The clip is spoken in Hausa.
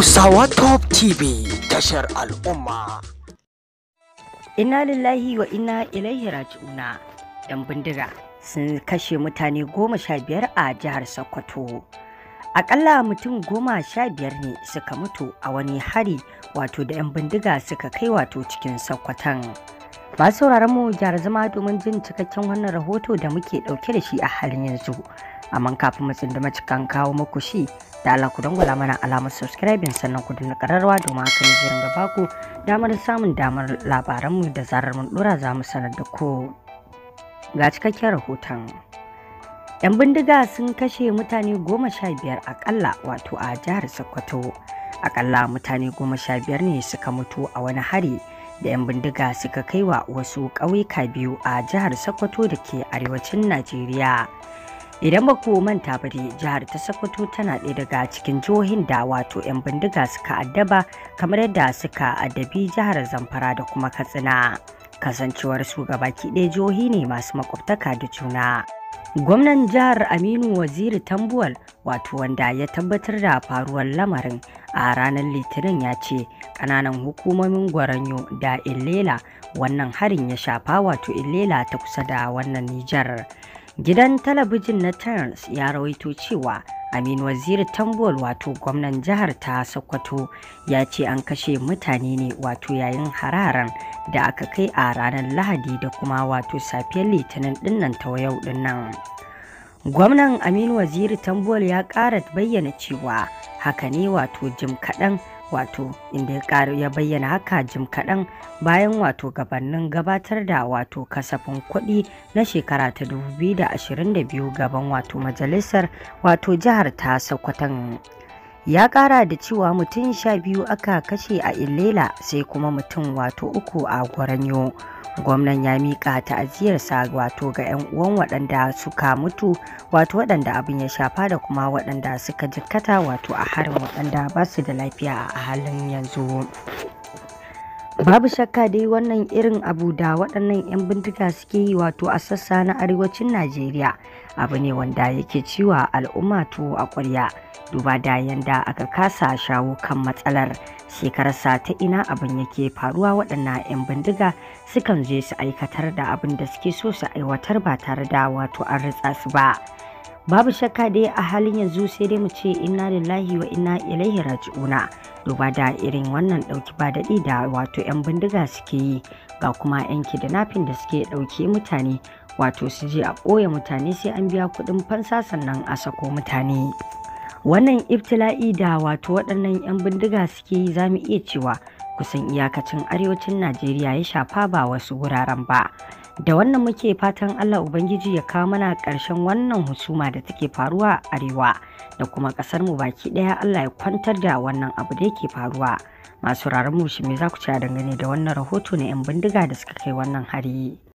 Hausawa Top TV tashar al'umma. Ina lillahi wa ina ilaihi raji'una yan bindiga sun kashe mutane goma sha biyar a jihar Sokoto. Akalla mutum goma sha biyar ne suka mutu a wani hari wato da yan bindiga suka kai wato cikin Sokoton. Ba sauraron mu jihar zama domin jin cikakken wannan rahoto da muke ɗauke da shi a halin yanzu. Amma kafin mu tsinduma cikan kawo muku shi da Allah ku dangwala mana alamar subscribe sannan ku dinga kararwa domin haka ne zai ringa baku damar samun damar labaran mu da zarar mun dora za mu sanar da ku ga cikakken rahoton 'yan bindiga sun kashe mutane goma sha biyar akalla wato a jihar sokoto akalla mutane goma sha biyar ne suka mutu a wani hari da 'yan bindiga suka kai wa wasu ƙauyuka biyu a jihar sokoto da ke arewacin najeriya idan ba ku manta ba dai jihar ta sokoto tana ɗaya daga cikin jihohin da wato 'yan bindiga suka addaba kamar yadda suka addabi jihar zamfara da kuma katsina kasancewar su gabaki ɗaya jihohi ne masu makwabtaka da juna gwamnan jihar aminu waziri tambuwal wato wanda ya tabbatar da faruwar lamarin a ranar litinin ya ce kananan hukumomin gwaranyo da illela wannan harin ya shafa wato illela ta kusa da wannan nijar Gidan talabijin na Times ya rawaito cewa Aminu Wazir Tambol wato gwamnan jihar ta Sokoto ya ce an kashe mutane ne wato yayin hararan da aka kai a ranar Lahadi da kuma wato safiyar Litinin dinnan ta yau dinnan. Gwamnan Aminu Wazir Tambol ya ƙara bayyana cewa haka ne wato jim kaɗan wato inda ya ya bayyana haka jim kaɗan bayan wato gabanin gabatar da wato kasafin kuɗi na shekara ta 2022 gaban wato majalisar wato jihar ta sokoton ya kara da cewa mutum sha biyu aka kashe a Ilela, sai kuma mutum wato uku a gwaranyo gwamnan ya mika ta'aziyarsa wato ga 'yan uwan waɗanda suka mutu wato waɗanda abin ya shafa da kuma waɗanda suka jikkata wato a harin waɗanda ba su da lafiya a halin yanzu babu shakka dai wannan irin abu da waɗannan 'yan bindiga suke yi wato a sassa na arewacin najeriya abu ne wanda yake ciwa al'umma to a ƙwarya duba da yanda aka kasa shawo kan matsalar shekararsa ta ina abin yake faruwa waɗannan 'yan bindiga sukan je su aikatar da abin da suke so su aiwatar ba tare da wato an ritsa su ba babu shakka dai a halin yanzu sai dai mu ce inna lillahi wa inna ilaihi raji'una duba da irin wannan dauki ba daɗi da wato 'yan bindiga suke yi ga kuma 'yan kidnapping da suke ɗauke mutane wato su je a ɓoye mutane sai an biya kuɗin fansa sannan a sako mutane wannan iftila'i da wato waɗannan 'yan bindiga suke yi za mu iya cewa kusan iyakacin arewacin najeriya ya shafa ba wasu wuraren ba da wannan muke fatan allah ubangiji ya kawo mana ƙarshen wannan husuma da take faruwa a arewa da kuma ƙasar mu baki ɗaya allah ya kwantar da wannan abu da yake faruwa masu mu shi me za ku ci dangane da wannan rahoto na 'yan bindiga da suka kai wannan hari